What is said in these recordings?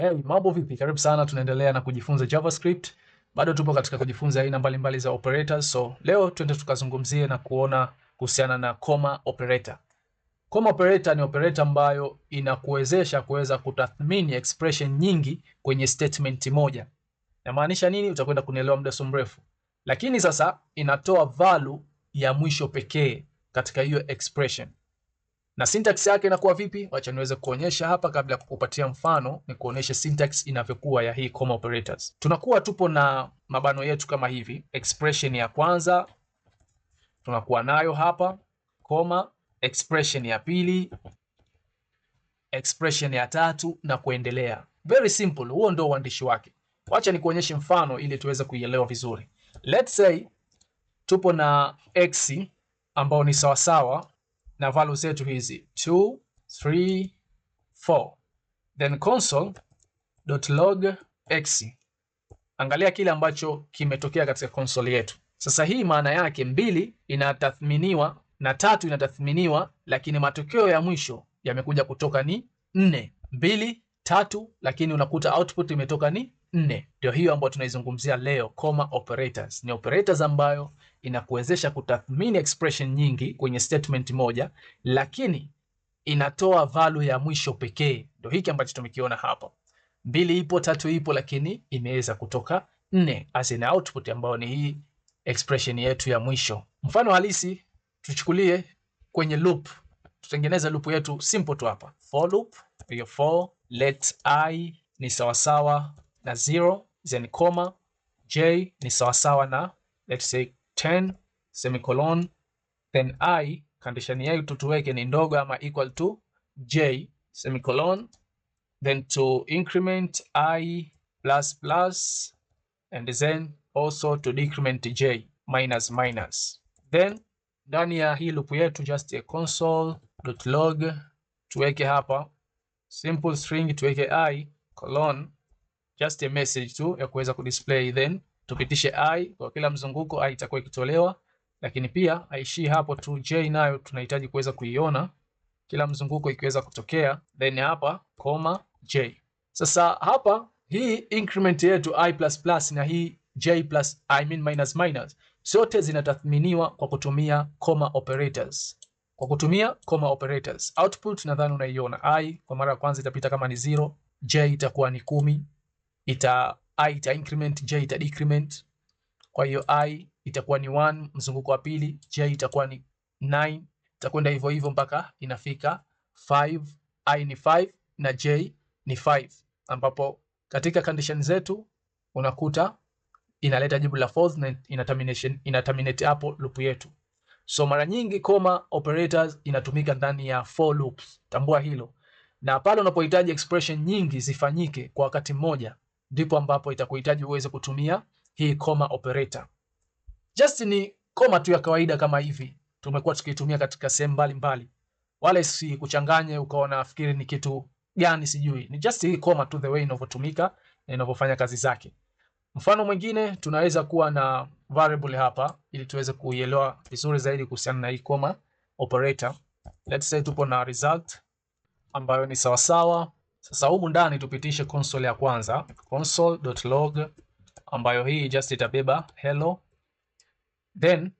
Hey, mambo vipi? Karibu sana, tunaendelea na kujifunza JavaScript. Bado tupo katika kujifunza aina mbalimbali za operators. So leo tuende tukazungumzie na kuona kuhusiana na comma operator. Comma operator ni operator ambayo inakuwezesha kuweza kutathmini expression nyingi kwenye statement moja. Namaanisha nini? Utakwenda kunielewa muda si mrefu. Lakini sasa inatoa value ya mwisho pekee katika hiyo expression na syntax yake inakuwa vipi? Wacha niweze kuonyesha hapa kabla ya kukupatia mfano, ni kuonyesha syntax inavyokuwa ya hii comma operators. Tunakuwa tupo na mabano yetu kama hivi. Expression ya kwanza tunakuwa nayo hapa comma, expression ya pili, expression ya tatu na kuendelea. Very simple, huo ndio uandishi wake. Wacha nikuonyeshe mfano ili tuweze kuielewa vizuri. Let's say tupo na x ambao ni sawasawa na value zetu hizi 2 3 4, then console.log x. Angalia kile ambacho kimetokea katika console yetu. Sasa hii maana yake mbili inatathminiwa na tatu inatathminiwa, lakini matokeo ya mwisho yamekuja kutoka ni nne. Mbili tatu, lakini unakuta output imetoka ni nne mm. ndio hiyo ambayo tunaizungumzia leo, comma operators. Ni operators ambayo inakuwezesha kutathmini expression nyingi kwenye statement moja, lakini inatoa value ya mwisho pekee. Ndio hiki ambacho tumekiona hapa, mbili ipo, tatu ipo, lakini imeweza kutoka nne as an output ambayo ni hii expression yetu ya mwisho. Mfano halisi tuchukulie kwenye loop, tutengeneze loop yetu simple tu hapa, for loop hiyo, for let i ni sawasawa na zero then comma j ni sawasawa na let's say 10 semicolon then i condition yetu tuweke ni ndogo ama equal to j semicolon then to increment i plus plus and then also to decrement j minus minus then ndani ya hii loop yetu just a console.log tuweke hapa simple string tuweke i colon just a message tu ya kuweza kudisplay, then tupitishe i kwa kila mzunguko, i itakuwa ikitolewa, lakini pia haishii hapo tu. J nayo tunahitaji kuweza kuiona kila mzunguko ikiweza kutokea, then hapa koma j. Sasa hapa hii increment yetu i++ na hii j+, I mean minus minus, zote zinatathminiwa kwa kutumia comma operators kwa kutumia comma operators. Output nadhani unaiona, i kwa mara ya kwanza itapita kama ni zero, j itakuwa ni kumi ita i ita increment, j ita decrement. Kwa hiyo i itakuwa ni 1 mzunguko wa pili, j itakuwa ni 9, itakwenda hivyo hivyo mpaka inafika 5. I ni 5 na j ni 5, ambapo katika condition zetu unakuta inaleta jibu la false na ina termination ina terminate hapo loop yetu. So mara nyingi comma operators inatumika ndani ya for loops, tambua hilo, na pale unapohitaji expression nyingi zifanyike kwa wakati mmoja ndipo ambapo itakuhitaji uweze kutumia hii comma operator. Just ni comma tu ya kawaida kama hivi tumekuwa tukiitumia katika sehemu mbalimbali, wala si kuchanganye ukaona nafikiri ni kitu gani sijui. Ni just hii comma tu the way inavyotumika na inavyofanya kazi zake. Mfano mwingine tunaweza kuwa na variable hapa ili tuweze kuielewa vizuri zaidi kuhusiana na hii comma operator. Let's say tupo na result ambayo ni sawasawa sasa humu ndani tupitishe console ya kwanza console.log, ambayo hii just itabeba hello, then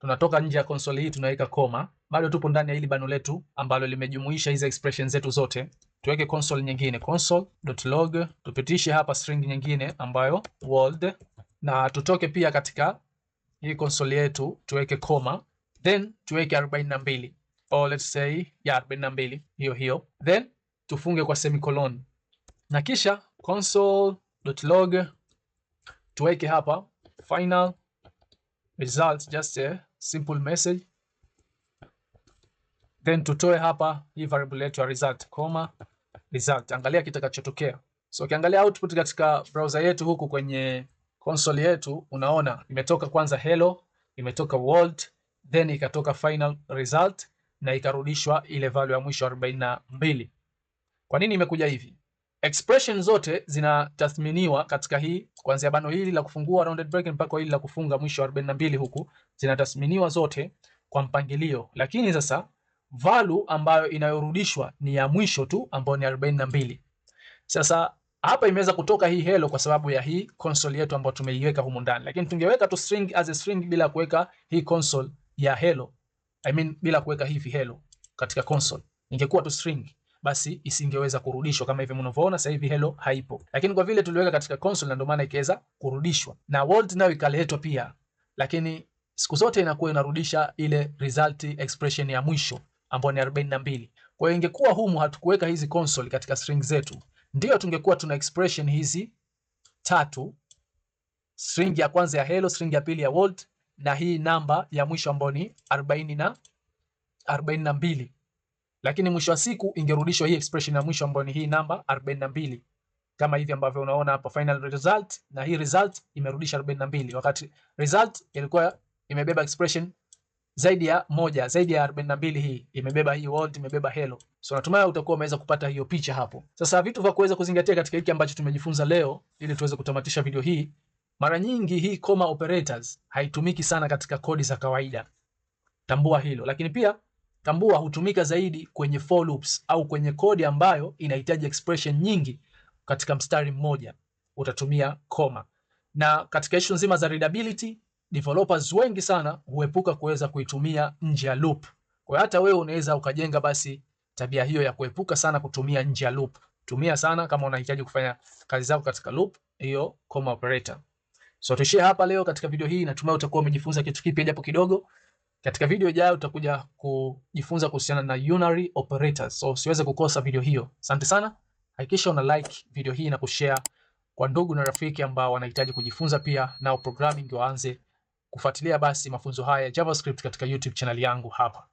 tunatoka nje ya console hii tunaweka koma. Bado tupo ndani ya hili bano letu ambalo limejumuisha hizi expression zetu zote. Tuweke console nyingine console.log, tupitishe hapa string nyingine ambayo world, na tutoke pia katika hii console yetu tuweke koma, then tuweke 42 or let's say ya 42 hiyo hiyo, then tufunge kwa semicolon na kisha console.log tuweke hapa final result, just a simple message, then tutoe hapa hii variable yetu ya result, comma result. Angalia kitakachotokea. So ukiangalia output katika browser yetu huku kwenye console yetu, unaona imetoka kwanza hello, imetoka world, then ikatoka final result na ikarudishwa ile value ya mwisho 42. Kwa nini imekuja hivi? Expression zote zinatathminiwa katika hii kuanzia bano hili la kufungua rounded bracket mpaka hili la kufunga mwisho 42 huku zinatathminiwa zote kwa mpangilio, lakini sasa value ambayo inayorudishwa ni ya mwisho tu ambayo ni 42. Sasa hapa imeweza kutoka hii hello kwa sababu ya hii console yetu ambayo tumeiweka humu ndani, lakini tungeweka tu string as a string bila kuweka hii console ya hello. I mean bila kuweka hivi hello katika console, ingekuwa tu string basi isingeweza kurudishwa kama hivi mnavyoona sasa hivi hello haipo, lakini kwa vile tuliweka katika console, na ndio maana ikaweza kurudishwa na world nayo ikaletwa pia, lakini siku zote inakuwa inarudisha ile result expression ya mwisho ambayo ni 42. Kwa hiyo ingekuwa humu hatukuweka hizi console katika string zetu, ndio tungekuwa tuna expression hizi tatu, string ya kwanza ya hello, string ya pili ya world na hii namba ya mwisho ambayo ni 40 na 42 lakini mwisho wa siku ingerudishwa hii expression ya mwisho ambayo ni hii namba 42 kama hivi ambavyo unaona hapa final result, na hii result imerudisha 42 wakati result ilikuwa imebeba expression zaidi ya moja, zaidi ya 42. Hii imebeba hii world, imebeba hello. So natumai utakuwa umeweza kupata hiyo picha hapo. Sasa vitu vya kuweza kuzingatia katika hiki ambacho tumejifunza leo, ili tuweze kutamatisha video hii, mara nyingi hii comma operators haitumiki sana katika kodi za kawaida, tambua hilo, lakini pia Tambua hutumika zaidi kwenye for loops au kwenye kodi ambayo inahitaji expression nyingi katika mstari mmoja, utatumia koma. Na katika issue nzima za readability, developers wengi sana huepuka kuweza kuitumia nje ya loop. Kwa hata wewe unaweza ukajenga basi tabia hiyo ya kuepuka sana kutumia nje ya loop. Tumia sana kama unahitaji kufanya kazi zako katika loop, hiyo comma operator. So tuishie hapa leo katika video hii, natumai utakuwa umejifunza kitu kipya japo kidogo. Katika video ijayo utakuja kujifunza kuhusiana na unary operators. So usiweze kukosa video hiyo. Asante sana. Hakikisha una like video hii na kushare kwa ndugu na rafiki ambao wanahitaji kujifunza pia nao programming waanze kufuatilia basi mafunzo haya ya JavaScript katika YouTube channel yangu hapa.